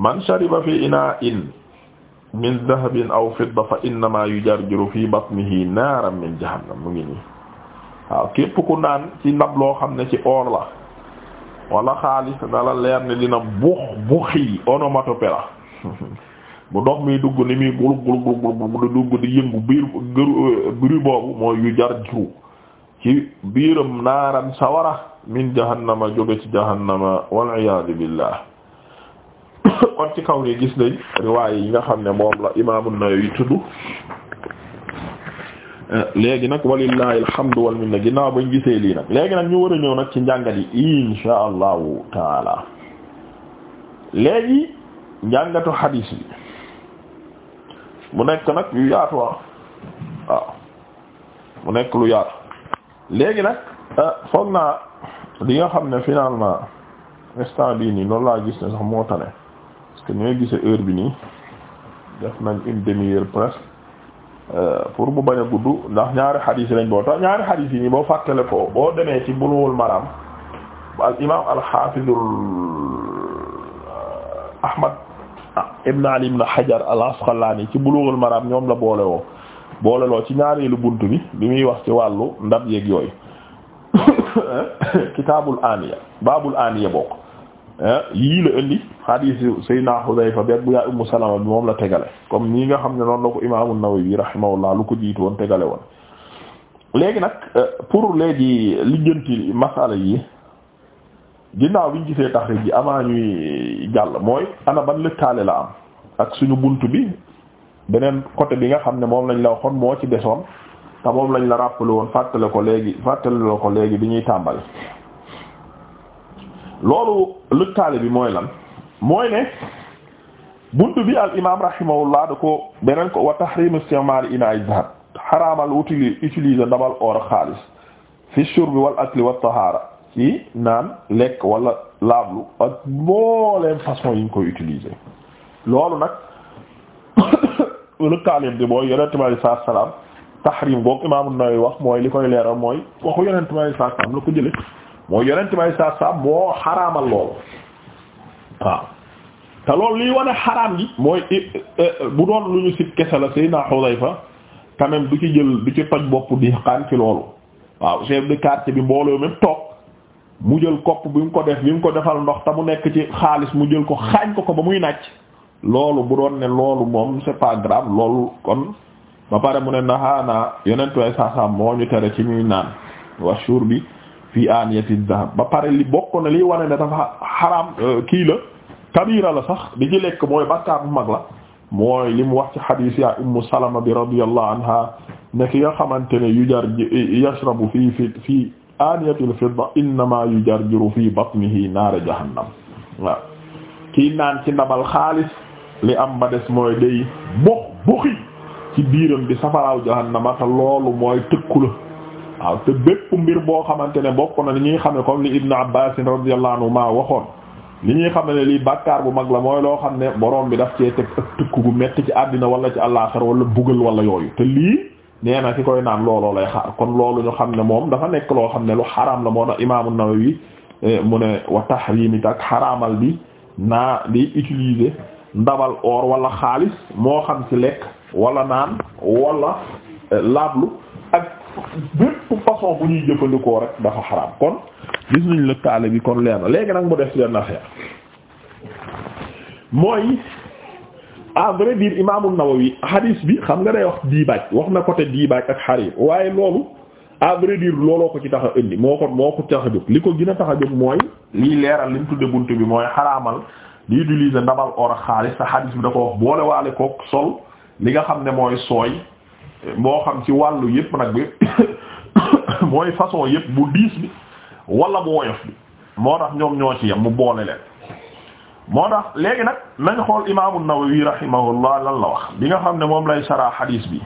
man shariba fi inaa'in min dahabin aw fidda fa innama yujarjiru fi batnihi naaran min jahannam mu ngi nii waaw képp ku naan ci ndab loo xam ne ci or la wala xaalis na la leer ne dina bux buxi onomatopée la bu ndox mi dugg ni muy bulub bulub bulub di dugg di yëngu biir biir boobu mooy yu jar jiw ci biiram naaran sawara min jahannama jóge ci jahannama wal iyaadu billah kon ci kaw ni gis nañ riwaay yi nga xam ne moom la imaam an-Nawawi tudd léegi nag walillahi alhamdu wal minna ginnaaw bañ gisee lii nag léegi nag ñu war a ñëw nag ci njàngat yi insha allahu taala léegi njàngatu xadiis bi mu nekk nag yu yaatu ah. waaw mu nekk lu yaatu léegi nag ah, foog naa li nga xam ne finalement instant bii nii loolu laa gis ne sax moo tane parce que ni nga gisee heure bi nii def nañ une demi presque euh, pour bu bañ a gudd ndax ñaari xadiis yi lañ boo ñaari xadiis yi nii boo fàttale ko boo demee ci Bulughul Maram al imaam al xaafizul euh, Ahmad ah, ibn Ali ibn Hajar al Asqalani ci Bulughul Maram ñoom la boole booleloo boole loo ci ñaareelu bunt bi bi muy wax ci wàllu ndab yeeg yooyu kitaabul aniya baabul aniya bokk Eh, yii la indi hadith Seydina Hudayfa bi ak bu yaay Ummu Salama bi moom la tegale kom ñi nga xam ne noonu la ko imaamu Nawawi rahimahullah lu ko jiitu woon tegale woon léegi nag eh, pour léegi lijjanti masala yi ginnaaw biñ gisee taxrij ji avant ñuy jàll mooy ana ban lëkkaale la am ak suñu bunt bi beneen côté bi nga xam ne moom lañ la waxoon moo ci desoon te moom lañ la rappelé woon fàttale ko léegi fàttale ko léegi bi ñuy tàmbali loolu lëkkaale bi mooy lan mooy ne buntu bi al imaam rahimahullah da ko beneen ko wa tahrim istimaal inaay zahab xaraamal utili utiliser ndabal or ak fi shurbi wal akli wat tahaara ci naan lekk wala laablu ak mbooleem façon yi ñu koy utiliser loolu nag lëkkaaleem bi mooy yonent bi alayhi salaatu salaam tahrim boobu imaam an wax mooy li koy leeral mooy waxu yonent bi alayhi salaam la ko jële moo yonent may saa saa moo xaraamal loolu waaw te loolu liy wane xaraam gi mooy eh, eh, eh, bu doon lu ñu sit kese la Seydina Xudayfa quand même du ci jël du ci toj bopp di xaan ci loolu waaw chef de quartier bi mbooloo mépp toog mu jël kopp bi mu ko def bi mu ko defal ndox te mu nekk ci xaalis mu jël ko xaañ ko ko ba muy nàcc loolu bu doon ne loolu moom c'est pas grave loolu kon ba pare mu ne naxaanaa yonent way saa moo ñu tere ci ñuy naan suur bi fi aniyati dhahab ba pare li bokk na liy wane ne dafa xaraam euh, kii la kabira la sax di ci lekk mooy bàkkaar bu mag la mooy li mu wax ci xadiis ya ummu salama bi radiyallahu anha ne ki nga xamante ne yujar yashrabu fii fi fii aniyati al-fidda innama yujarjiru fii batnihi naara jahannam waaw kii naan ci ndabal xaalis li am ba des mooy day box boxi ci biiram bi safaraaw jahannama te loolu mooy tëkku la waaw te bépp mbir boo xamante ne bokk na li ñuy xam ne comme li Ibnu Abbaas radiyallahu anhuma waxoon li ñuy xam ne lii bàkkaar bu mag la mooy loo xam ne borom bi daf cee teg ak tukku gu metti ci àddina wala ci àllaaxira wala bugal wala yooyu te lii nee na ki koy naan looloo lay xaar kon loolu ñu xam ne moom dafa nekk loo xam ne lu xaraam la moo tax imaamu Nawawi eh, mu ne wa tahriim ak xaraamal bi naa di utiliser ndabal or wala xaalis moo xam ci lekk wala naan wala eh, laablu bépp bu ñuy jëfandikoo rek dafa xaraam kon gis nañ lëkkaale bi kon leer na léegi nag mu def benn affaire mooy à vrai dire imaamu Nawawi hadis bi xam nga day wax diibaaj wax na côté diibaaj ak xarim waaye loolu à vrai dire looloo ko ci tax a indi moo ko moo ko tax a jóg li ko gën a tax a jóg mooy lii leeral liñ tudde bunt bi mooy xaraamal di utiliser ndabal or ak xaalis sa hadis bi da ko wax boole waale kook sol li nga xam ne mooy sooy moo xam ci wàllu yépp nag bi mooy façon yépp bu diis bi wala bu woyof bi moo tax ñoom ñoo ci yem mu boole leen moo tax léegi nag nañ xool imaamu Nawawi rahimahullah lan la wax bi nga xam ne moom lay saraa xadiis bi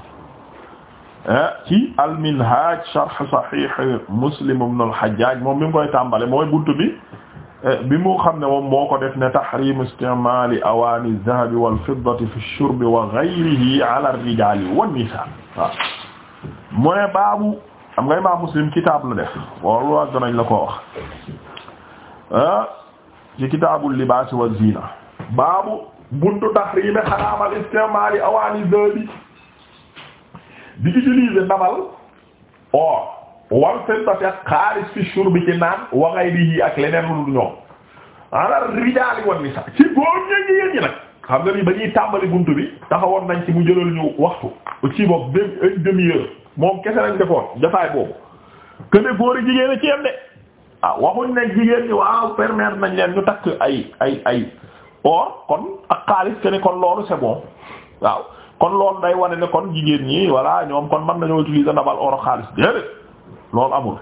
eh, ci al-Minhaj sharh Sahih Muslim ibn al-Hajjaj moom mi ngi koy tàmbale mooy buntu bi bi mu xam ne moom moo ko def ne tahrim istimaali awaani zahabi wal fiddati fi shurbi wa ghayrihi ala rijaali wan mu ne baabu xam nga imaam muslim kitaab la def loolu wax danañ la ko wax ah, ci kitaabul libaas wa ziina baabu buntu tahrim xaraamal istimaali awaani zahabi di utiliser ndamal or wal fiddati ak xaalis fi shurbi ci naan wa ghayrihi ak leneen lu dul ñoom ala rijaali wan nisa ci góor ña jigéen ñi nag xam nga ni ba ñuy tàmbali buntu bi taxawoon nañ ci mu jëlal ñu waxtu u bopp dem une demi-heure moom kese lañ defoon jafaay boobu que ne góor yi jigéen a ci yem de ah waxuñ ne jigéen ñi waaw permettre nañ leen ñu takk ay ay ay or kon ak xaalis que kon loolu c'est waaw kon loolu day wane ne kon jigéen ñi voilà ñoom kon mën nañoo utiliser ndabal loolu amul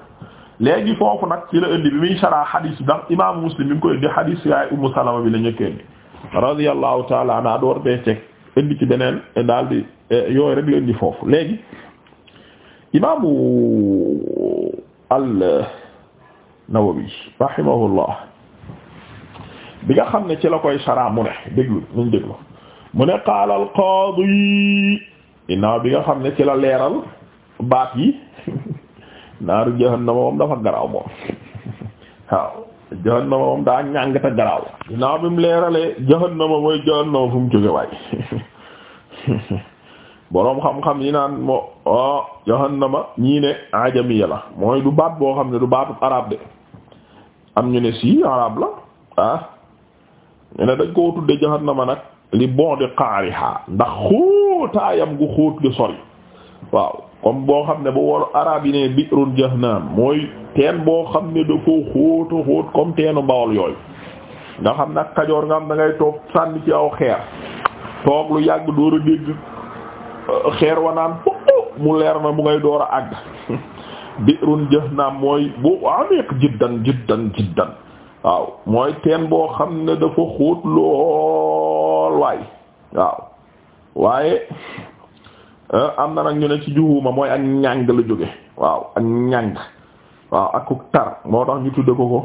léegi foofu nag ci la indi bi muslim bi mu koy indi xadiis yaay ummu salama bi la njëkkee indi radiyallahu taala anha door bee indi ci beneen daal di eh, yooyu rek indi foofu léegi imaamu al nawawi rahimahullah bi nga xam ne ci la koy saraa mu ne déglu mu ne qaala al qaadi ginnaaw bi nga xam ne ci la leeral baat yi naaru jahannama moom dafa garaaw moom waaw jahannama moom daa ñàngta garaaw ginnaaw bi mu leeralee jahannama mooy jahannama fu mu jóge boroom xam-xam yi naan moo o oh, jahannama ñii ne ajamiya la mooy du baat boo xam ne du baatu arab de am ñu ne si arab la ah ñu dañ koo tudde jahannama nag li bon de qaariha ndax xóotaayam gu xóot gi sori waaw comme boo xam ne bu wolu arab yi ne biirun jahannam mooy teen boo xam ne dafa xóota xóot comme teenu bawol yooyu nga xam nag kajoor nga xam da ngay toog sànni ci aw xeer toog lu yàgg door a dégg euh, xeer wa naan mu leer na mu ngay door a àgg biirun jahannam mooy bu amiq jiddan jiddan jiddan waaw mooy teen boo xam ne dafa xóot lool waay waaw waaye Euh, am na nag ñu ne ci juhuma mooy ak ñàng la jóge waaw ak ñàng waaw akuk tar moo tax ñu tudde ko ko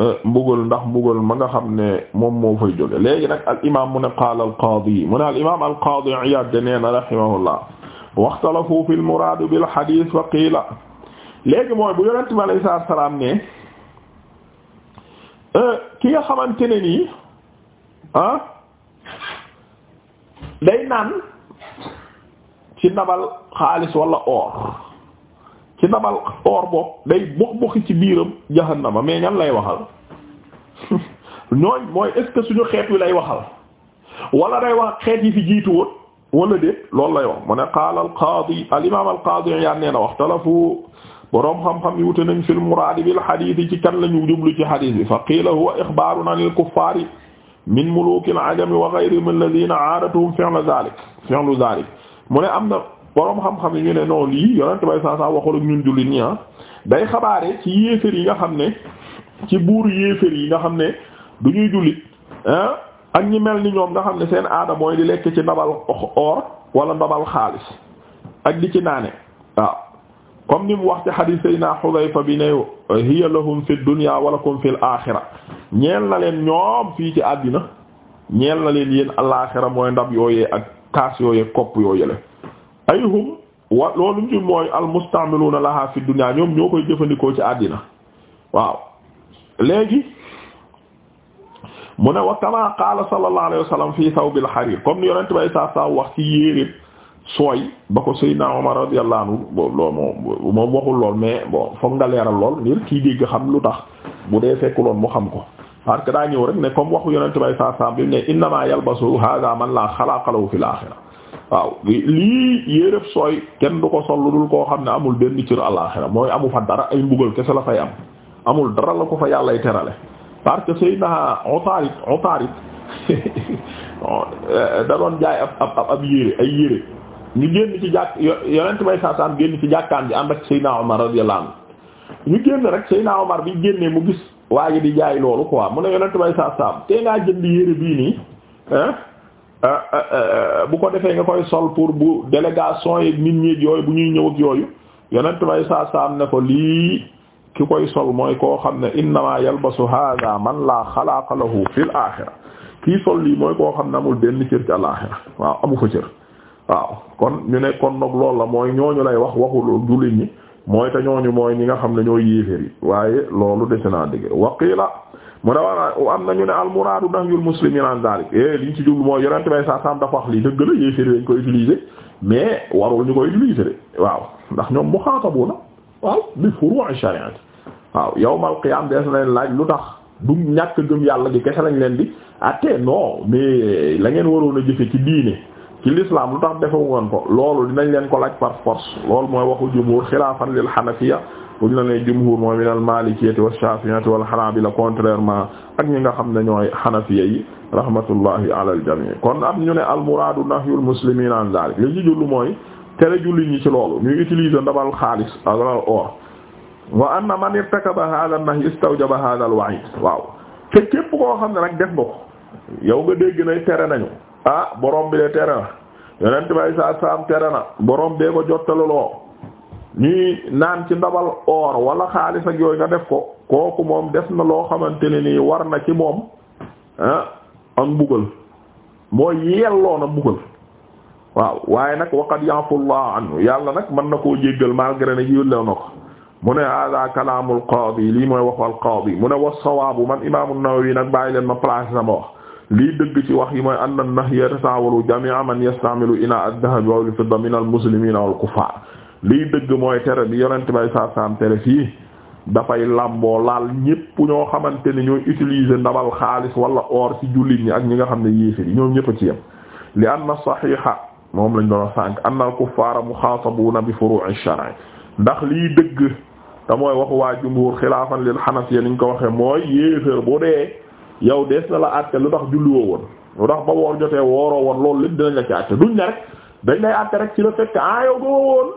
euh, mbugal ndax mbugol ma nga xam ne moom moo fay jóge léegi nag al imam mu ne qaala al qaadi mu ne al imam al qaadi Iyaad de nee waxtalafu fi al muraad bil hadiis fa qiila léegi mooy bu yonent bi alayhi salaam ne euh, ki nga xamante ne nii ah day naan ci nabal xaalis wala or ci nabal or bopp day box boxi ci biiram jahannama mais ñan lay waxal ñooñ mooy est-ce que suñu xeet wi lay waxal walla day wax xeet yi fi jiitu woon wala déet loolu lay wax mu ne qaala al qaadi al imaam al qaadi yaa nee na waxtalafu boroom xam-xam yi wute nañ fil muraadi bil xadiis ci kan la ñu jublu ci xadiis bi fa qiila huwa ixbaarun anil kuffaari min muluukil ajami wa gayrihim alladhiina aadatuhum fi'lu dhaalik fi'lu dhaalik mu ne am na boroom xam-xam yi ñu ne non lii yonent bay saa saa waxul ak ñun jullit ñi ah day xabaare ci yéeféer yi nga xam ne ci buur yéeféer yi nga xam ne du ñuy jullit ah, ak ñi mel ni ñoom nga xam ne seen aada mooy di lekk ci ndabal or wala ndabal xaalis ak di ci naane waaw comme ni mu wax ci xadiis sayna Xudayfa bi ne hiya lahum fi dunya wa lakum fil aaxira ñeel na leen ñoom fii ci àddina ñeel na leen yéen alaaxira mooy ndab yooyee ak kaas yooyu kopp yooyu la ayhum wa loolu ci mooy almustamiluuna laha fi dunya ñoom ñoo koy jëfandikoo ci àddina waaw léegi mu ne wa kama qaala sallallahu alayhi wa sallam fii thawbil harir comme ni yonent bay saa saa wax ci yéeréb sooy ba ko Seydina Omar radiyallahu anhu boobu moom waxul lool mais bon foog nga leeral lool ngir kii dégg xam lu tax bu dee fekkuloon mu xam ko parce que daa ñëw rek ne comme waxu yonente bay bi mu ne innama yalbasu hada man la xalaqa lahu fil axira waaw lii yérëb sooy kenn du ko sol lu dul koo xam ne amul benn cër alaxira mooy amu fa dara ay mbugal kese la fay am amul dara la ko fa yàllay terale parce que Seydina Utaarid Utaarid da doon jaay ab ab ab ñu génn ci jàkk yonent bay rek Seydina Umar bi génnee mu gis waa ji di jaay loolu quoi mu ne yonent bay saa saam te ngaa jënd yére bii nii euh, euh, euh, bu ko defee nga koy sol pour bu délégation yi nit ñi yooyu bu ñuy ñëw ak yooyu yonent bay saa saam ne ko lii ki koy sol mooy koo xam ne innama yalbasu hadha man laa xalaqa lahu fil axira kii sol lii mooy koo xam ne amul benn cër ci àlaxira waaw amu fa cër waaw kon ñu ne kon nag loolu la mooy ñooñu lay wax waxul jullit ñi mooy te ñooñu mooy ñi nga xam ne ñoo yéeféer yi waaye loolu dese naa dëgg waqila mu ne war am nañu ne almuraadu nahyul muslimiin an zalik eh liñ ci jublu mooy yonent bay sa sam dafa wax lii dëgg la yéeféer yi dañ ko utiliser mais warul ñu koy utiliser de waaw ndax ñoom muxaatabuna waaw bi furu'i shari'ati waaw yawmal qiyaam dees na leen laaj lu tax du ñàkk gëm yàlla gi kese lañ leen di atte non mais la ngeen waroon a jëfe ci diine ci l'islam lu tax defe woon ko loolu dinañ leen ko laaj par force lool mooy waxu jumhur xilaafan lil xanafiya buñ la nee jumhur mooy min al malikiyati wa shafi'ati wal hanabila contrairement ak ñi nga xam ne ñooy xanafiya yi rahmatullahi ala al jami kon am ñu ne al muraadu nahyul muslimina an zalik li ñu mooy tere julli ñi ci loolu ñuy utiliser ndabal xaalis ak al or wa anna man irtakaba hadha an nahy istawjaba hadha al wa'id waaw te képp koo xam ne nag def nga yow nga dégg nay ah borom bi de tere na yonent bay saa saam tere na borom bee ko jottalaloo ñuy naan ci ndabal or wala xaalis ak yooyu nga def ko kooku moom def na loo xamante ne nii war na ci moom ah ak mbugal mooy yelloo na mbugal waaw waaye nag waqad yafullah anhu yàlla nag mën na koo jéggal malgré ne yillew na ko mu ne hada kalaamul qaadi lii mooy waxu al qaadi mu ne wa sawaabu man imaamu Nawawi nag bàyyi leen ma place sama wax lii dëgg ci wax yi mooy anna nahya tasaawalu jami'a man yasta'milu ina ad-dhahab wal fidda min al-muslimina wal lii dëgg mooy tere bi yonent bay saa saam tere fii dafay làmboo laal ñépp ñoo xamante ni ñooy utiliser ndabal xaalis wala or ci jullit ñi ak ñi nga xam ne yéefir yi ñoom ñépp a ci yem li anna saxiixa moom lañ doon sànk anna al-kuffaara muxaasabuuna bi furuu'i shar'i ndax lii dëgg te mooy waxu waa jumhuur xilaafan lil xanafiya niñ ko waxee mooy yéefir bu dee yow dees na la àtte lu tax julliwoo woon lu tax ba woor jotee wooroo woon loolu lépp dinañ la ci àtte duñ ne rek dañ lay àtte rek ci la fekk ah yow gëmoo woon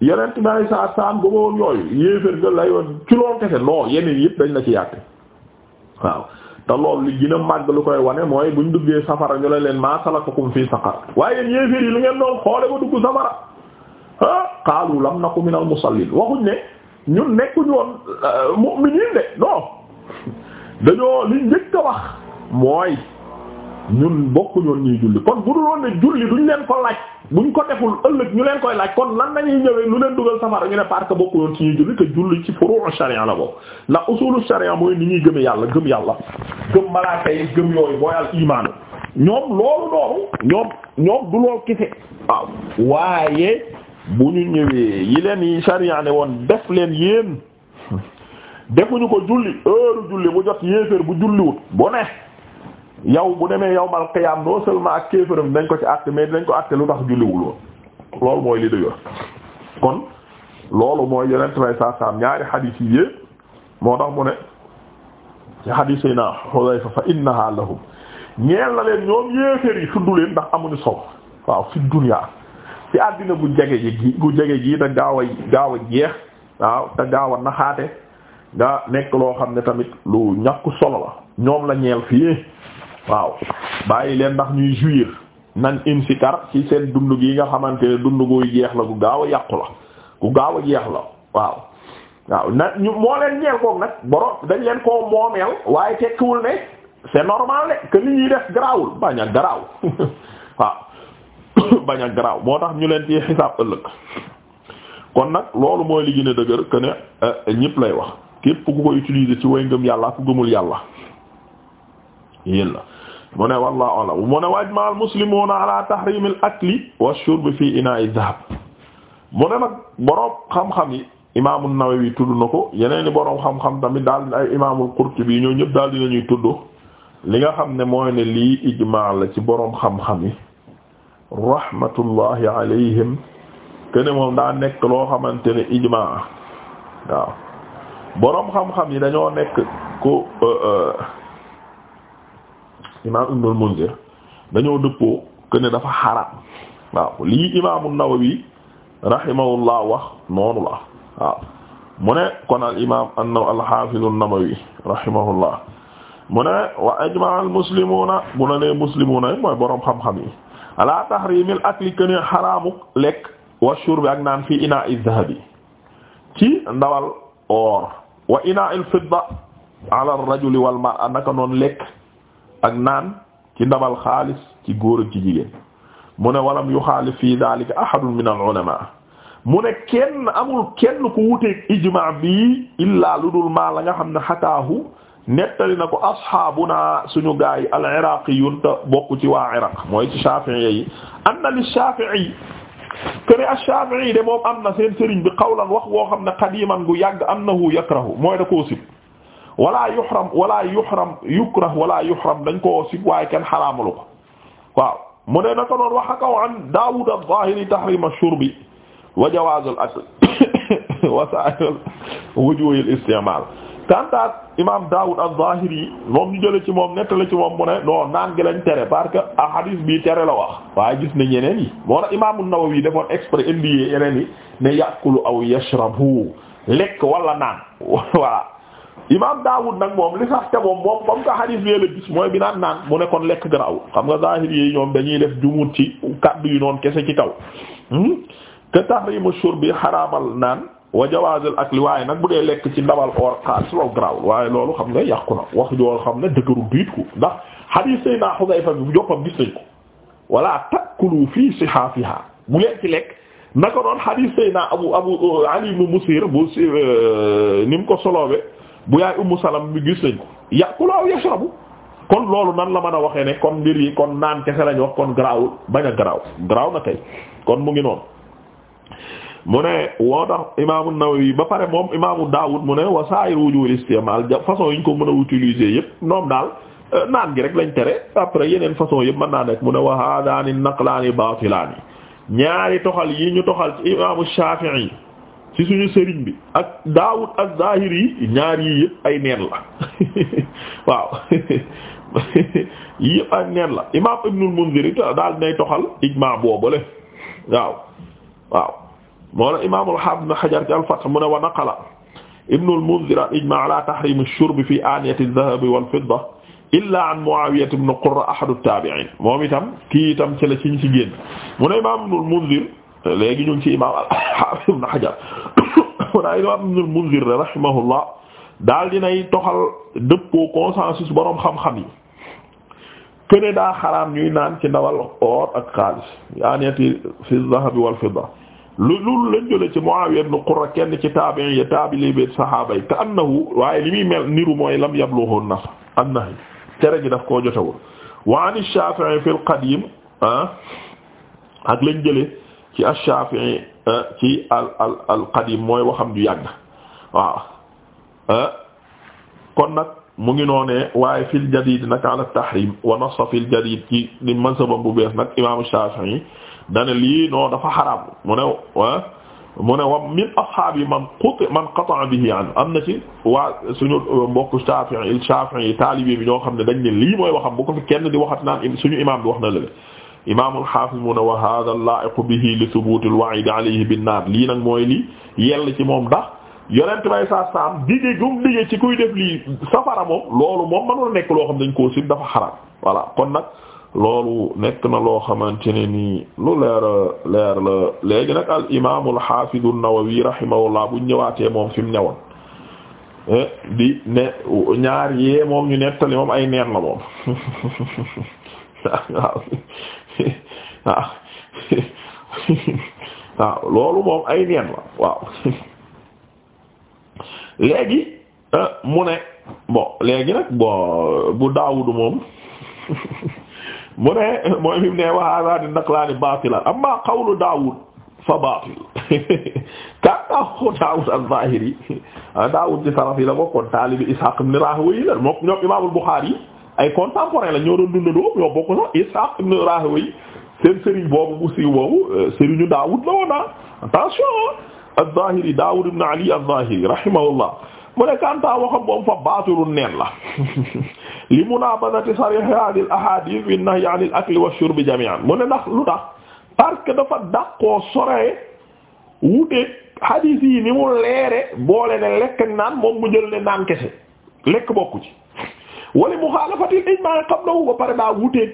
yeneen tubaab yi saa saam gëmoo woon yooyu yéeféer nga lay woon ci loolu kese non yeneen yëpp dañ la ci àtte waaw. te loolu li gën a màgg lu koy wane mooy bu ñu duggee safara ñu la leen maa salakakum fii saqar waaye yéen yéeféer yi lu ngeen doon xoole ba dugg safara ah qaalu lam naku minal musallin waxuñ ne ñun nekkuñu woon euh, mu'minin de dañoo li njëkk a wax mooy ñun bokku ñuy julli kon bu dul woon ne julli duñ leen ko laaj buñ ko deful ëllëg ñu leen koy laaj kon lan nañuy ñëwee lu leen dugal safara ñu ne parce que bokku ñoon ci ñuy julli te julli ci furu' sharia la boobu ndax usulu sharia mooy ni ñuy gëme yàlla gëm yàlla gëm malaaka yi gëm yooyu mooy al imaanu ñoom loolu noonu ñoom ñoom du lool kese waaw waaye bu ñu ñëwee yi leen yi sharia ne woon def leen yéen ñu ko julli heure julli bu jot yéeféer bu julliwut bu ne yow bu demee yawmal qiyaam non seulement ak kéefëram dañ ko ci àtte mais dañ ko àtte lu tax julliwul woon loolu mooy li dëgër kon loolu mooy yeneen may saa saam ñaari xadiis yi yépp moo tax mu ne ci xadiis yi naa Xudayfa fa innaha lahum ñeel na leen ñoom yéeféer yi tudd leen ndax amuñu solo waaw fi dunyaa ci àddina gu jege ji gu jege ji te gaaw a gaaw a jeex waaw te gaaw naxaate nga nekk loo xam ne tamit lu ñàkk solo la ñoom la ñeel fii waaw bàyyi leen ndax ñuy jouir nan im sikar ci seen dund gi nga xamante ne dund guy jeex la gu gaaw a yàqu la gu gaaw a jeex la waaw waaw na ñu moo leen ñeel koog nag boro dañ leen koo moomeel waaye tekkiwul ne c'est normal ne que li ñuy def garaawul bañ a garaaw waaw bañ a garaaw moo tax ñu leen ci xisaab ëllëg kon nag loolu mooy li gën a dëgër que ne eh, ñëpp lay wax képp ku ko utiliser ci way ngëm yàlla ku gëmul yàlla yéen mu ne wallahu a'lam mu ne wa ajma al muslimuna ala tahrim al akli wa shurb fi ina'i dhahab mu ne nag boroom xam-xam yi imaamu Nawawi tudd na ko yeneen i boroom xam-xam tamit daal ay imaamul Qurtubi ñoo ñëpp daal dinañuy tudd li nga xam ne mooy ne lii ijmaa la ci boroom xam-xam yi rahmatullahi alayhim kene moom daa nekk loo xamante ne ijmaa waaw boroom xam-xam yi dañoo nekk ku euh, euh, imaam Ibnul Munzir dañoo dëppoo que ne dafa xaraam waaw lii imaamu Nawawi rahimahullah wax noonu la waaw mu ne kon al imaam al-Haafiz an-Nawawi mu ne wa ajmaa al-muslimuuna bu la nee muslimuuna mooy boroom xam-xam yi ala tahriimil akli que ne xaraamu lekk wa shurbi ak naan fii inaa'i dhahabi ci ndawal or wa ina al fidda ala ar rajuli wal mar'a naka noonu lekk ak naan ci ndabal xaalis ci góor ak ci jigéen mu ne walam yuxaalif fi daalika ahadun min al ulama mu ne kenn amul kenn ku wuteeg ijmaa bi illaa lu dul maa la nga xam ne xataahu nettali na ko asxaabuna suñu gaay al iraqiyun te bokk ci waa iraq mooy ci shafi'i yi anna li shafi'i kene ash-Shafi'i de moom am na seen sëriñ bi qawlan wax woo xam ne qadiman gu yàgg annahu yakrahu mooy da koo sib wala yuhram wala yuhram yukrah wala yuhram dañ koo sib waaye kenn xaraamalu ko waaw mu ne na ko noon wax akaw an Daawud az-Zahiri tahrim ash-shurbi wa jawaz al-akl wa sa'ir wujuh al-isti'mal kantaat imam Daawud az-Zahiri moom ñu jële ci moom nettale ci moom mu ne non naan gi lañ tere parce que a hadis bii tere la wax waaye gis na ñeneen yi moo tax imam an-Nawawi defoon exprès indi yeneen yi ne yàqulu aw yashrabu lekk wala naan voilà imam Daawud nag moom li sax te moom moom comme que hadis bi la gis mooy bi naan naan mu ne kon lekk garaw xam nga Zahiri yi ñoom dañuy def jumut ci kaddu yi noonu kese ci kaw hmm? te tahrimu shurbi xaraamal naan wa jawaazul waaye nag bu dee lekk ci ndabal or xaalis loolu garaawul waaye loolu xam nga yàqu na wax joo xam ne dëgërul diit ko ndax hadith sayna Hudayfa bi bu joppam gis nañ ko wala takulu fii sihaafiha bu leen ci lekk naka doon hadith sayna abu abu ali ibn musir bu euh, ni mu ko soloobe bu yaay ummu salam bi gis nañ ko yàqulu aw yashrabu kon loolu nan la mën a waxee ne kon mbir yi kon naan kese lañ wax kon garaawul bañ a garaaw garaaw na kay kon mu ngi noonu mu ne woo tax imaamu yi ba pare moom imaamu Daawud mu ne wa sa'ir wujuhul istimal façon yi ñu ko mën a utiliser yëpp noom daal euh, naan gi rek lañ tere après yeneen façon yëpp mën naa nekk mu ne wa haadaani naqlaani baatilaani ñaari toxal yi ñu toxal ci imaamu Shaafi'i ci suñu sëriñ bi ak Daawud ak zaahiri yi ñaar yii yëpp ay neen la waaw yii ay neen la imaam Ibnul Munzir daal nay toxal ijmaa boobale waaw waaw moo la imaamul haafid ibn Hajar ci al-Fath mu ne wa naqala ibnu al-Munzir al-ijmaa' ala tahrim ash-shurb fi aaniyati adh-dhahab wal-fidda illa an Mu'aawiya ibn Qurra ahadu at-taabi'iin moom itam kii itam ci la ci ñu ci génn mu ne imaam ibnu al-Munzir léegi ñu ngi ci imaam al-haafid ibn Hajar wala imaam ibnu al-Munzir rahimahullah daal dinay toxal dëppoo consensus boroom xam-xam yi kene daa xaraam ñuy naan ci ndawal or ak xaalis yaaniyati fi adh-dhahab wal-fidda lu lu lañ jële ci Muawiya ibn Qurra ci taabi'i ya taabili bi saxaaba yi ka annahu waaye li muy mel niru mooy lam yablughu an-nas annahi tere gi daf koo jotewul wa an ash-Shafi'i fi al-qadim ah ak lañ jële ci ash ah, mooy waxam ju yàgg waaw ah, nag mu ngi noonee waaye fil jadid nag ala tahrim wa nassa fil jadid ci di mazhabam bu bees nag imam ash-Shafi'i dana lii non dafa xaraam mu ne ah, mu ne wa min ashaabi man qut man qata'a bihi an am na ci waa suñu uh, mbokku Shafi'i Shafi'i taalibe bi ñoo xam ne dañ ne lii mooy waxam bu ko fi kenn di waxat naan suñu imaam bi wax na la imaam al-Hafiz mu wa hadha laa'iqu bihi li thubuut al-wa'id alayhi bin-naar lii nag mooy li yell ci moom ndax yonent bay saa saam digge gum digge ci kuy def lii safara moom loolu moom mënul nekk loo xam dañ koo sib dafa xaraam voilà kon nag loolu nekk na loo xamante ne nii lu leer leer la léegi nag al imaam al xaafidu an-Nawawi rahimahullah buñ ñëwaatee moom fi mu ñëwoon eh, di ñaar yee moom ñu nettali moom ay neen la moom ah, waaw ah, loolu moom ay neen la waaw léegi eh, mu ne bon léegi nag bon bu Daawudu moom mu ne mooy mu ne wa hada di naqlaani baatilan amma qawlu Daawud fa baatil kanta ko Daawud al a ah, Daawud ci salaf yi la bokkoon taalibi Ishaq ibn Rahawayh la moom ñoom Imaamul Buxaari ay contemporain la ñoo doon dundandoo ñoo bokk sax Ishaq ibn Rahawayh seen sëriñ boobu bu siiw boobu euh, sëriñu Daawud la woon ah. attention al-Zaahiri Daawud ibn Ali al-Zaahiri rahimahullah mu ne kanta waxam moom fa baatilun neen la li munabadati sarih hadhihi al ahadith fi nahy an akli wa shurbi jami'an mu ne ndax lu tax parce que dafa dàqoo soree wuute hadith yi ni mu leere boole ne lekk naan moom mu jël ne naan kese lekk bokku ci wala mukhalafati al ijma' qablahu ko pare daa wuute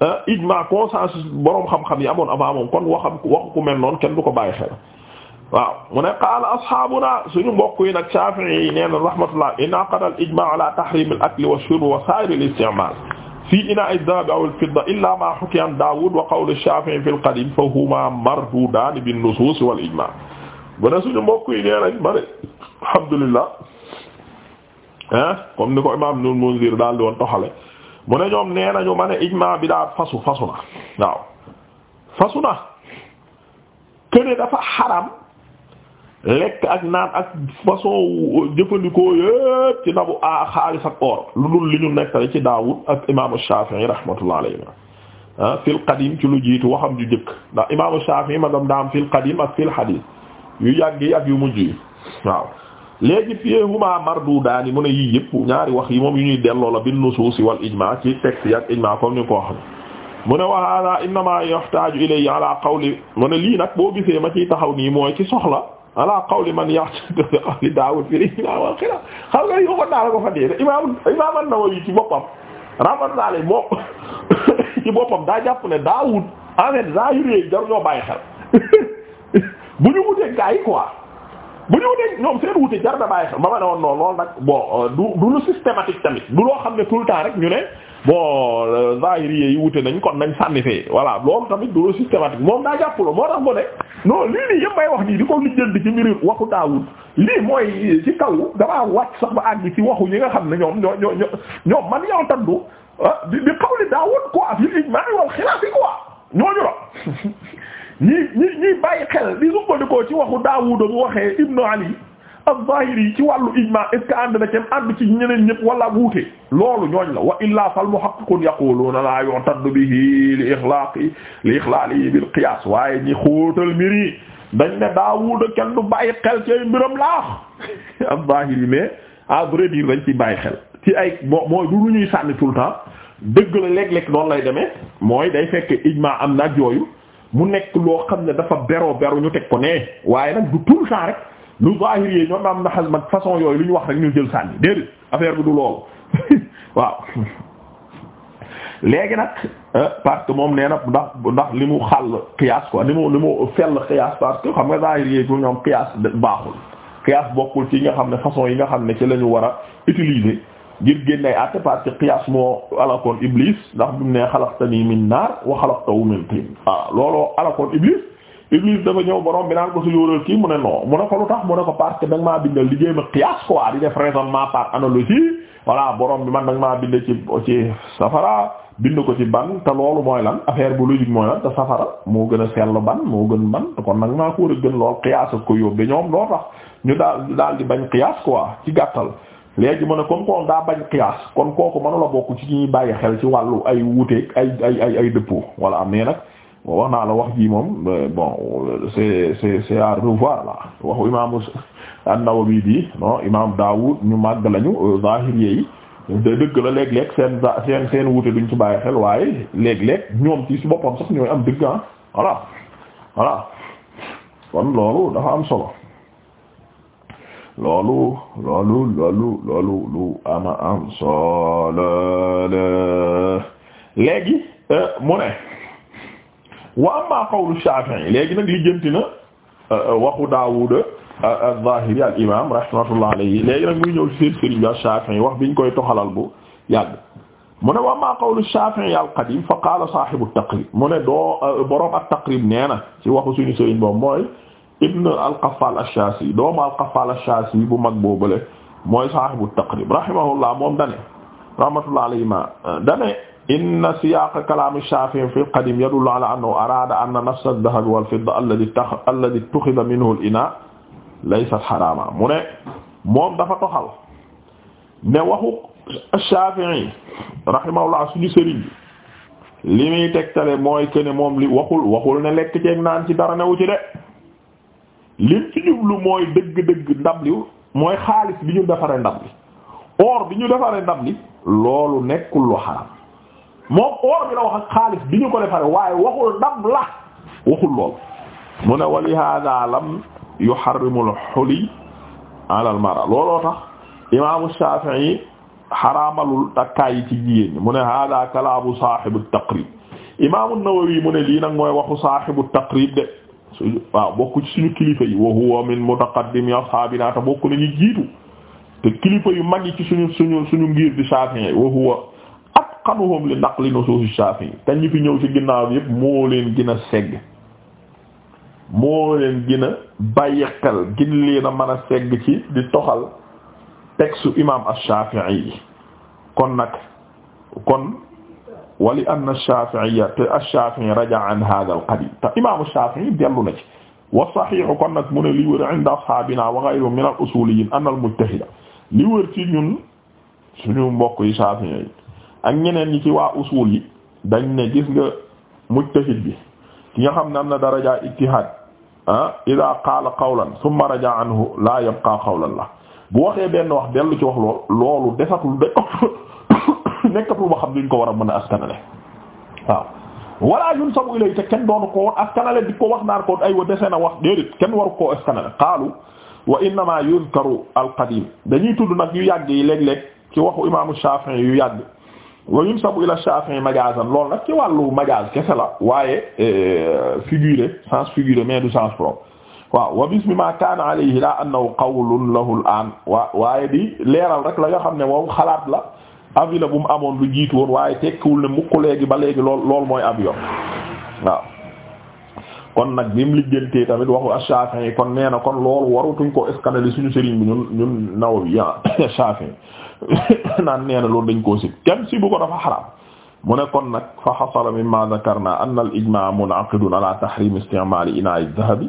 ah, ijma consensus boroom xam-xam yi amoon avant moom kon waxam waxu ku mel noonu kenn du ko bàyyi xel waaw mu ne qaala ashaabuna suñu mbokk yi nag Shaafi'i yi nee na rahmatullah inaqada al ijmaa ala tahrim al akli wa shurb wa sa'ir al isti'mal fi inaa ad-dhahab aw al fidda illa ma hukiya an Daawud wa qawl ash-Shaafi'i fi al qadim fa huma mardudan bin nusus wal ijma mu ne suñu mbokk yi nee nañ ma ne alhamdulillah ah comme ni ko imaam Ibnul Munzir daal di woon toxale mu ne ñoom nee nañu ma ne ijmaa bi daal fasu fasu na waaw fasu na kene dafa xaram lekk ak naan ak façon euh, jëfandikoo yépp ci nabu a xaalis ak or lu dul li ñu nekkale ci Daawud ak imaamu Shaafi'i rahmatullah alayhi ah fil qadim ci lu jiitu waxam ju jëkk ndax imaamu Shaafi'i magam daam fil qadim ak fil hadith yu yàgg yi ak yu mujj yi waaw léegi fii huma mardudaani mu ne yii yëpp ñaari wax yi moom yu ñuy delloo la bin nusuusi wal ijma ci texte yi ak ijma comme ni ko wax mu ne wa hada innama yuhtaaju ilayhi ala qawli mu ne lii nag boo gisee ma ciy taxaw nii mooy ci soxla ala qawli man yaqtadu bi qawli Daawud fil ilaa wal xira xam nga yow man daal ko fa dee imaam boppam rahmatullahi moo ci boppam daa jàpp ne Daawud en fait zahiri jar ñoo bàyyi xel bu ñu wutee gaa yi quoi bu ñu wutee ñoom seen wute jar na bàyyi xel ba ma ne woon noonu loolu nag bon du du lu systématique tamit du loo xam ne tout le temps rek ñu ne bon zahiri yi wute nañ kon nañ sànni fee tamit du lu systématique moom daa moo non lii nii yëpp may wax nii di ko lijjanti ci mbiri waxu Daawud lii mooy ci kaw damaa wàcc sax ba àgg ci waxu ñi nga xam ne ñoom ñoo ñoo ñoom man ñoo taddu ah, di di xawli Daawud quoi fil ijmaa' wal xilaaf quoi ñooñu la ñi ñi ñi bàyyi xel di sukkandikoo ci waxu Daawud bu waxee Ibnu Ali az-Zahiri ci wàllu ijmaa est ce que ànd na ci ànd ci ñeneen ñëpp wala wuute loolu ñooñ la wa illaa fal muhaqqiqun yaquluuna waaye ñi xóotal mbir yi dañ ne Daawuud kenn du bàyyi xel ci ay mbiram laax az ay moo mooy du lu ñuy sànni tout dëgg la léeg-léeg noonu lay demee mooy day fekk ijmaa am na yooyu mu nekk loo xam ne dafa beroo beru ñu teg ko nee waaye nag du tout le rek. lu zahiri yi ñoom am na xas façon yooyu lu ñu wax rek ñu jël sànni déedéet affaire bi du loolu waaw léegi nag euh, parce que moom nee na ndax ndax li mu xal qiyaas quoi li mu li mu fell qiyaas parce que xam nga zahiri yi ñoom qiyaas baaxul qiyaas bokkul ci nga xam ne façon yi nga xam ne ci la ñu war a utiliser ngir génne àtte parce que qiyaas moo alakoon iblis ndax bi mu ne xalaqtani min naar wa xalaqtahu min tiin waaw ah, looloo alakoon iblis Iblis dafa ñëw borom bi naan ko su yóoral kii mu ne non mu ne ko lu tax mu ne ko parce que da nga maa bindal liggéey ma qiyaas quoi di def raisonnement par analogie voilà borom bi man da maa bind ci ci safara bind ko ci ban te loolu mooy lan affaire bu logique mooy lan te safara moo gën a seetlu ban moo gën ban kon nag maa ko war a gën lool qiyaas ak ko yóbbee ñoom loo tax ñu daal daal di bañ qiyaas quoi ci gàttal. léegi mu ne comme kooku daa bañ qiyaas kon kooku mënula bokk ci ñuy bàyyi xel ci wàllu ay wuuteeg ay ay ay ay dëppoo voilà mais nag. wax naa la wax ji moom bon c'est c'est à revoir là waxu imaamu an-Nawawi bi non imaam Daawud ñu màgg lañu zahiriyé yi dëgg la léeg-léeg seen seen seen wuute duñ ci bàyyi xel waaye léeg-léeg ñoom ci si boppam sax ñooy am dëgg ah voilà voilà kon loolu dafa am solo loolu loolu loolu lu ama am solo léegi euh, mu ne wa amma qawlu Shafi'i léegi nag li jënti na euh, waxu Daawud euh, az-Zahiri al imam rahmatullah alayhi léegi nag muy ñëw seen sëriñ bi Shafi'i wax biñ koy toxalal bu yàgg mu ne wa amma qawlu Shafi'i al-qadim fa qaala sahibu at-taqrib mu ne doo euh, boroom at-taqrib nee na ci waxu suñu sëriñ boobu mooy ibn al-Qaffal ash-Shashi doomu al-Qaffal ash-Shashi bu mag boobale mooy sahibu at-taqrib rahimahullah moom dane rahmatullah alayhi ma dane inna siyaaq kalaam Shaafi'i fi al-qadiim yadullu ala annahu araada anna nafs ad-dahab wal-fidda alladhi ittaxada minhu al-inaa' laysat xaraama mu ne moom dafa toxal ne waxu Shaafi'i rahimahullah suñu sëriñ li muy tegtale mooy que ne moom li waxul waxul ne lekk ceeg naan ci dara newu ci de lim ci jublu mooy dëgg-dëgg ndab li mooy xaalis bi ñu defaree ndab li or bi ñu defaree ndab li loolu nekkul lu xaraam. moom or bi la wax ak xaalis bi ñu ko defaree waaye waxul dab la waxul lool mu ne wali hada lam yuharrimul xuli ala al mara looloo tax imaamu Shafi'i xaraamalul takkaay yi ci jigéen ñi mu ne hada kalaamu saaxibu taqrib imaamu Nawawi mu ne lii nag mooy waxu saaxibu taqrib de su waaw bokk ci suñu kilifa yi wa huwa min mutaqaddimi ashaabina te bokk nañu jiitu te kilifa yu mag yi ci suñu suñu suñu ngir di Shafi'i wa huwa atqanuhum li naqli nusuus Shaafi'i te ñi fi ñëw ci ginnaaw yépp moo leen gën a segg moo leen gën a bàyyi xel gën leen a mën a segg ci di toxal texte imaam ash-Shaafi'i kon nag kon wali anna ash-Shaafi'iyya te ash-Shaafi'i raja'a an haadha al-qadiim te imaamu ash-Shaafi'i dellu na ci wa saxiixu kon nag mu ne li wër inda ashaabina wa ghayrihim min al-usuuliyyiin anna al-mujtahida li wër ci ñun suñu mbokk yi Shaafi'i ak ñeneen yi ci waa usul yi dañ ne gis nga mujtahid bi ki nga xam ne am na daraja ijtihad ah ida qaala qawlan thumma raja anhu la yabqa qawlan la bu waxee benn wax dellu ci wax lool loolu desatul day nekkatul ba xam duñ ko war a mën a askanale waaw wala yunsabu ilay kenn doonu ko askanale di ko wax naan ko ay wa dese na wax déedéet kenn waru koo askanale qaalu wa innama yuzkaru al qadim dañuy tudd nag yu yàgg yi léeg-léeg ci waxu imaamu Shafi'i yu yàgg wa yunsabu ila Shafi'i majazan loolu nag ci wàllu majaz kese la waaye e, figuré sens figuré mais du sens propre waaw wa bismi ma kaana alayhi la annahu qawlun lahu al waa waaye di leeral rek la nga xam ne moom xalaat la avis la bu mu amoon lu jiitu woon waaye tekkiwul ne mukk léegi ba léegi lool lool mooy avis waaw kon nag bi mu liggéentee tamit waxu ash-Shafi'i kon nee na kon loolu warutuñ ko escandaler suñu sëriñ bi ñun ñun Nawawi ya ah, ash naan nee na loolu dañ koo sib kenn si bu ko dafa xaraam mu ne kon nag fa xasala mimma dhakarna anna al ijma munaqidun ala tahrim isti'mal ina'i dhahabi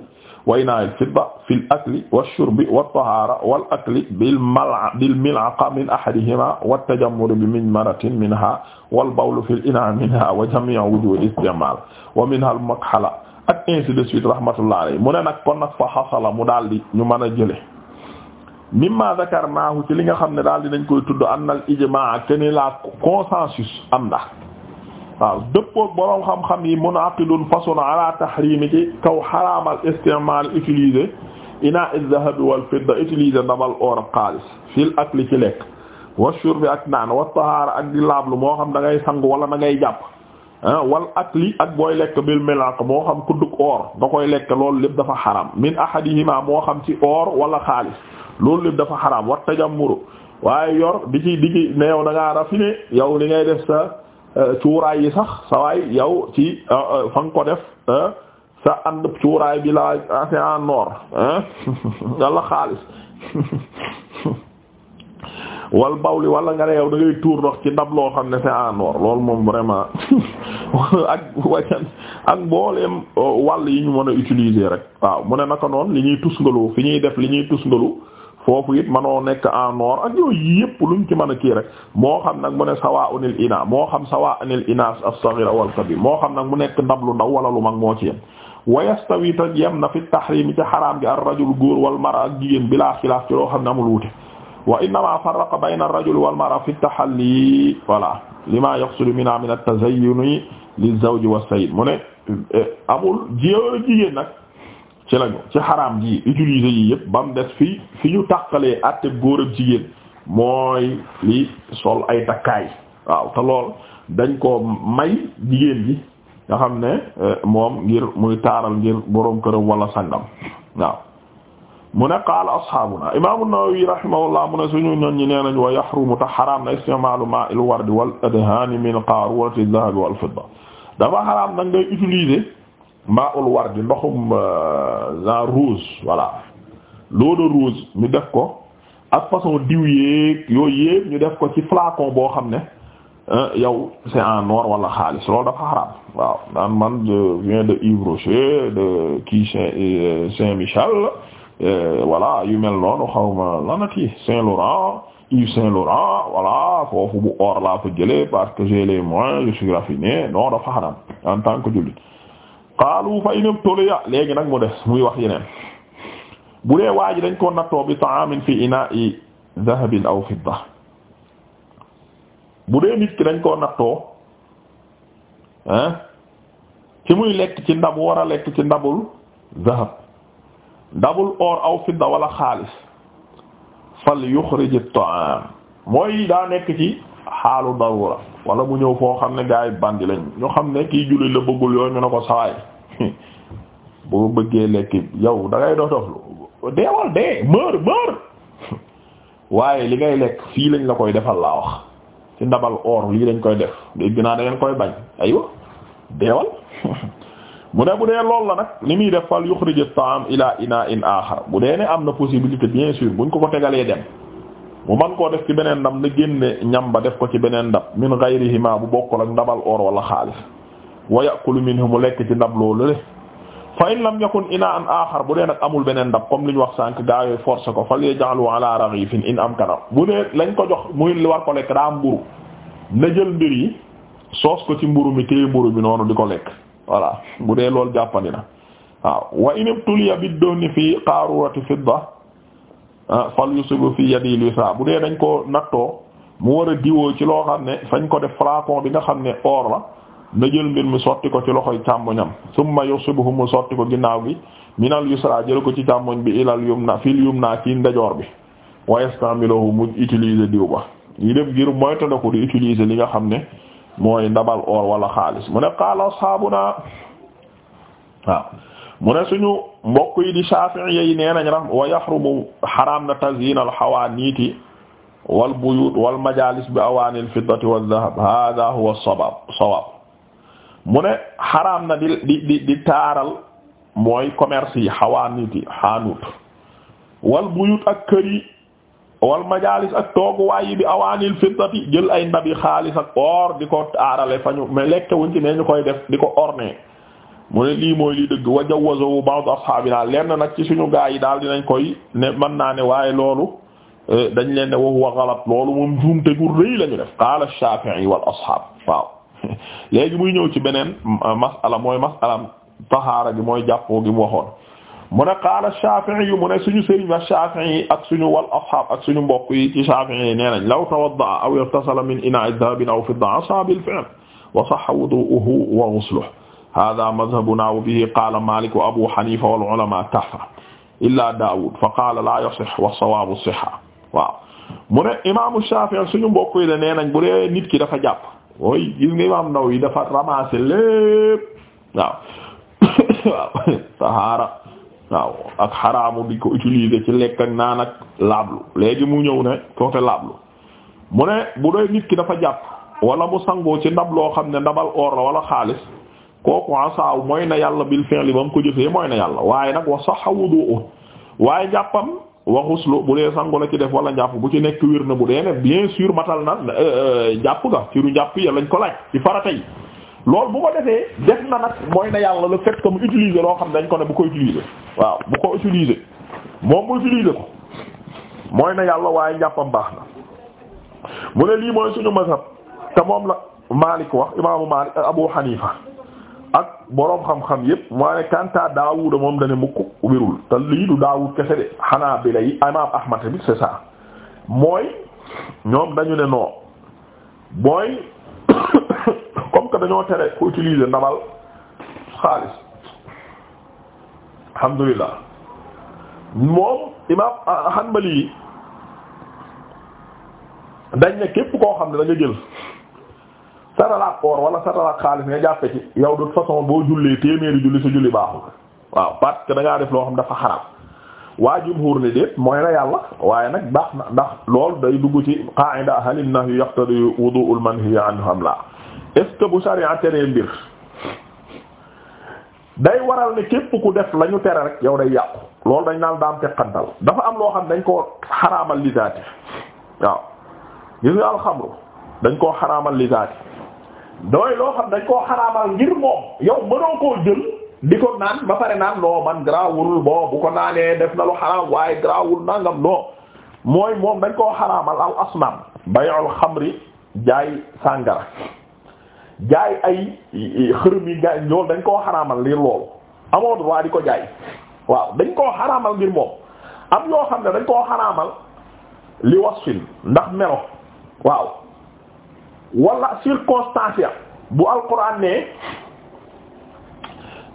wa ina'i fidda fi al akli wash-shurbi wat-tahara wal akli bil mal'a bil mil'aqa min ahadihima wat-tajammur bi mimaratin minha wal bawl fi al ina'i minha wa jami' wujuh isti'mal wa minha al makhala ak ainsi de suite rahmatullah alayhi mu ne nag kon nag fa xasala mu daal di ñu mën a jële mimma zakarnaahu ci li nga xam ne daal dinañ koy tudd an al ijmaa kene la consensus am na waaw dëppook boroom xam-xam yi munaqidun façon ala tahrimi ci kaw xaraamal istimal utiliser ina az-zahab wal fidda utiliser ndabal or ak xaalis fil akli ci lekk wa shurbi ak naan wa tahaara ak di laablu moo xam da ngay sangu wala da ngay jàpp Ah wal akli ak booy lekk bil milaq moo xam kudduk or nga koy lekk loolu lépp dafa xaram min ahadihima moo xam ci or wala xaalis loolu lépp dafa xaram wat tajammuru waaye yor di ci di ci ne yow da ngaa raffiné li ngay def sa euh, cuuraay yi sax sawaay waay yow ci euh, euh, fa nga ko def sa ànd cuuraay bi la en or wala xaalis wal bawli wala nga ne yow da tuur ndox ci ndab loo xam ne c'est en or loolu moom vraiment ak wajan ak mbooleem euh, wàll yi ñu mën a utiliser rek waaw mu ne naka noon li ñuy tusngalu fi ñuy def li ñuy tusngalu foofu it manoo nekk en or ak yooyu yëpp luñ ci mën a kii rek moo xam nag mu ne sawa unil moo xam sawa unil ina as-saghir wal kabir moo xam nag mu nekk ndablu lu ndaw wala lu mag moo ci yem wa yastawi ta yem na fi tahrim ci xaraam gi ar rajul góor wal mara ak jigéen bilaa xilaaf ci loo xam ne amul wute wa innama farraqa bayna ar-rajuli wal mar'a fi at-tahalli voilà lima yaqsulu min min at-tazayyun liz-zawj was-sayd mu ne eh, amul jigéen nag ci lañu ci xaraam ji utiliser yi yëpp ba mu des fi fi ñu tàqalee àtte góor jigéen mooy li sol ay takkaay waaw lool dañ ko may jigéen ji nga xam ne eh, moom ngir muy taaral ngir boroom këram wala sangam waaw mu ne qaala ashaabuna imaamu Nawawi rahimahullah mu ne suñu ñoon ñi nee wa yaxrumu te xaraam na istimaalu maa'il wardi wal adhaani min qaaruurati dafa xaraam nag utiliser maa'ul wardi ndoxum euh, genre rose voilà l'eau de rose ñu def ko ak façon diw yeeg yooyu yépp ñu def ko ci flacon boo xam ne yow c'est en or wala xaalis loolu dafa xaraam waaw naan man je viens de Yves Rocher de kii Saint euh, Saint Euh, voilà yu mel noonu xawma lanati Saint-Laurent Yves Saint-Laurent voilà foofu bu or laa fa jëlee parce que j'ai les moyens je suis raffiné non dafa xaram en tant que jullit qaalu fa inam toliya léegi nag mu des muy wax yeneen bu dee waa ji dañ ko nattoo bi ta'amin fi ina'i dahabin aw fidda bu dee nit ki dañ koo nattoo hein ci muy lekk ci ndab lekk ci ndabul dabul or aw fidda walla xaalis fal yuxrij at mooy daa nekk ci xaalu darura wala mu ñëw foo xam ne gars yi bandi lañ ñu xam ne kii julli la bëggul yooyu ñu ne ko sawaay boo bëggee lekk yow da ngay dof deewal dee mër mër waaye li ngay lekk fii lañ la koy defal laa wax ci ndabal or lii lañ koy def dégg naa da koy bañ aywa deewal mu ne bu dee loolu la nag li muy def fal yuxrij at-ta'am ila ina'in akhar bu dee ne am na possibilité bien sûr buñ ko ko tegalee dem mu man koo def ci beneen ndam na génne ñam ba def ko ci beneen ndab min ghayrihima bu bokk ak ndabal or wala xaalis wa ya'kulu minhu mu lekk ci ndab loolu le fa in lam ina ina'an akhar bu dee nag amul beneen ndab comme li wax sànq gaa yooyu force ko fal yaj'alu ala raghifin in amkana bu dee lañ ko jox muy li war ko lekk daa mburu na jël mbir yi soos ko ci mburu mi téye mburu bi noonu di ko lekk voilà bu dee loolu jàppandi na waaw wa in ibtuliya bid-duhni fi qaarurati fidda ah fal yusibu fi yadi al bu dee dañ ko nattoo mu war a diwoo ci loo xam ne fañ ko def flacon bi nga xam ne or la na jël mbir mu sotti ko ci loxoy càmmoñam summa yusibuhu mu sotti ko ginnaaw gi minal yusra jël ko ci càmmoñ bi ilal yumna fil yumna ci ndajoor bi wa yastamiluhu mu utiliser diw ba yi def ngir moyta na ko di utiliser li nga xam ne mooy ndabal or wala xaalis mu ne qaala ashaabuna waaw mu ne suñu mbokk yi di Shafi'i yi nee nañ rax wa yaxrumu xaraam na tazyin al xawaaniiti wal buyut wal majalis bi awaani al fiddati wal dahab hada huwa sawaab sawaab mu ne xaraam na di di di taaral mooy commerce yi xawaaniiti xaanuut wal buyut ak kër yi wal majaalis ak toogu tooguwaay yi bi awaanil fiddati jël ay ndabi xaalis ak oor di ko aarale fa ñu mais lekk wuñ ci ne ñu koy def di ko orné mu ne lii mooy li dëgg wa jawazahu ba'd ashaabina lenn nag ci suñu gaa yi daal dinañ koy ne mën naa ne waaye loolu eh, dañ leen ne wa huwa galat loolu moom juumte gu rëy la ñu def qaala Shaafi'i wal ashaab waaw léegi muy ñëw ci beneen masala mooy masala tahaara gi mooy jàppoo gi mu waxoon mu ne qaala Shaafi'i yu mu ne suñu sëriñ wa Shaafi'i ak suñu wal ashaab ak suñu mbokk yi ci Shaafi'i nee nañ law tawadda'a aw ightasala min inaa'i dhahabin aw fiddatin asaa bil fi'l wa sahha wudu'uhu wa ghusluhu haaza madhabunaa wa bihi qaala Maalik wa Abuu Haniifa wal ulamaa tahfa illaa Daawuud fa qaala laa yasihhu was-sawaabu as-sihha waaw mu ne imaamu Shaafi'i suñu mbokk yi nee nañ bu dee nit ki dafa jàpp ooy gis nga imaam Nawawi dafa ramasser lépp waaw waaw tahaara waaw ak xaraamu di ko utiliser ci lekk ak naan ak laablu léegi mu ñëw ne côté laablu mu ne bu doy nit ki dafa jàpp wala mu sangoo ci ndab loo xam ne ndabal or la wala xaalis kooku asaaw mooy na yàlla bil fi'li ba mu ko jëfee mooy na yàlla waaye nag wa sahha wudu'u waaye njàppam wa xuslu bu dee sangu la ci def wala jàpp bu ci nekk wiir na bu dee ne bien sûr matal na euh, euh, jàpp ga ci ru jàpp ya lañ ko laaj ci farata yi loolu bu ko defee def na nag mooy na yàlla le fait mu utiliser loo xam dañ ko ne bu ko utiliser waaw bu ko utiliser moom mu utiliser ko mooy na yàlla waaye njàppam baax na mu ne lii mooy suñu mazhab te moom la Malik wax imaamu Malik Abu Hanifa ak boroom xam-xam yépp moo ne kanta Daawuda moom dane mukk wérul te lii du Daawud kese de xanaa bi lay imaam Ahmad tamit c'est mooy ñoom dañu ne non mooy comme que dañoo tere ku utiliser ndabal xaalis alhamdulilah moom imaam Hanbali yi dañ ne képp koo xam ne da nga jël satalaat or wala satalaat xaalis nga jàppe ci yow de façon boo jullee téeméeri julli sa julli baaxul waaw parce que da def loo xam dafa xaram waa jumhur ni déet mooy na yàlla waaye nag baax na ndax loolu day dugg ci qaa'ida hal nahyu yaqtadi wudu'ul manhi anhu am la est-ce que bu sariya mbir day waral ne képp ku def la ñu tere rek yow day yàqu loolu dañ naan daam teqantal dafa am loo xam dañ koo xaraamal li zaati waaw dañ koo xaraamal li loo xam dañ koo xaraamal ngir moom yow mënoo koo jël di naan ba pare naan loo man grawul bo bu ko naanee def na lu xaraam waaye grawul nangam non mooy moom dañ koo xaraamal al asnam bay'ul xamri jaay sàngara jaay ay xërëm yi jaay dañ koo xaraamal ngir loolu amoo droit di ko jaay waaw dañ koo xaraamal ngir moom am yoo xam ne dañ koo xaraamal li wasfin ndax melo waaw wala circonstance bu alquran ne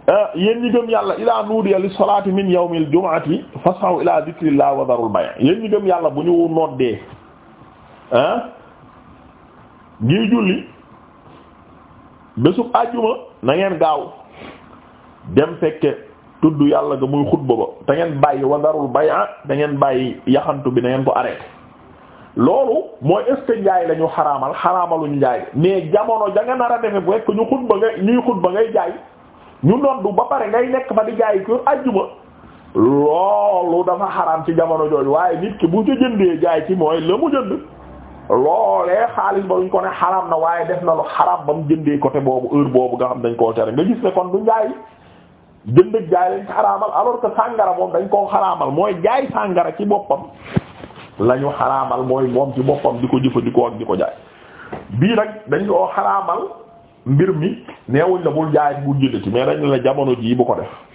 eh, yéen ñi gëm yàlla ila nuudiya li salaati min yawmil jumu'ati fas'u ila dhikrillah wa dharul bay' yéen ñi gëm yàlla bu ñu noddee ah ngir julli bésub àjjuma na ngeen gaaw dem fekke tudd yàlla ga muy xutba ba te ngeen bàyyi ba bay'a da ngeen bàyyi yaxantu bi na ngeen ko arrêté loolu mooy est ce que njaay la ñu xaraamal xaraamaluñ njaay mais jamono ja nga nar a defe bu rekk ñu xutba ngay ñuy xutba ngay jaay ñu noddu ba pare ngay nekk fa di jaay ko àjjuma loolu dafa xaraam ci jamono jooju waaye nit ki bu ca jëndee jaay ci mooy la mu jënd loolee xaalis ba duñ ko ne xaraam na waaye def na lu xaraam ba mu jëndee côté boobu heure boobu nga xam dañ koo tere nga gis ne kon du jaay jënd ak jaay lañ xaraamal alors que sàngara moom dañ koo xaraamal mooy jaay sàngara ci boppam la ñu xaraamal mooy moom ci boppam di ko jëfandikoo ak di ko jaay bii nag dañ koo xaraamal mbir mi neewuñ la bul jaay bul jënd ci mais dañ la jamono jii bu ko def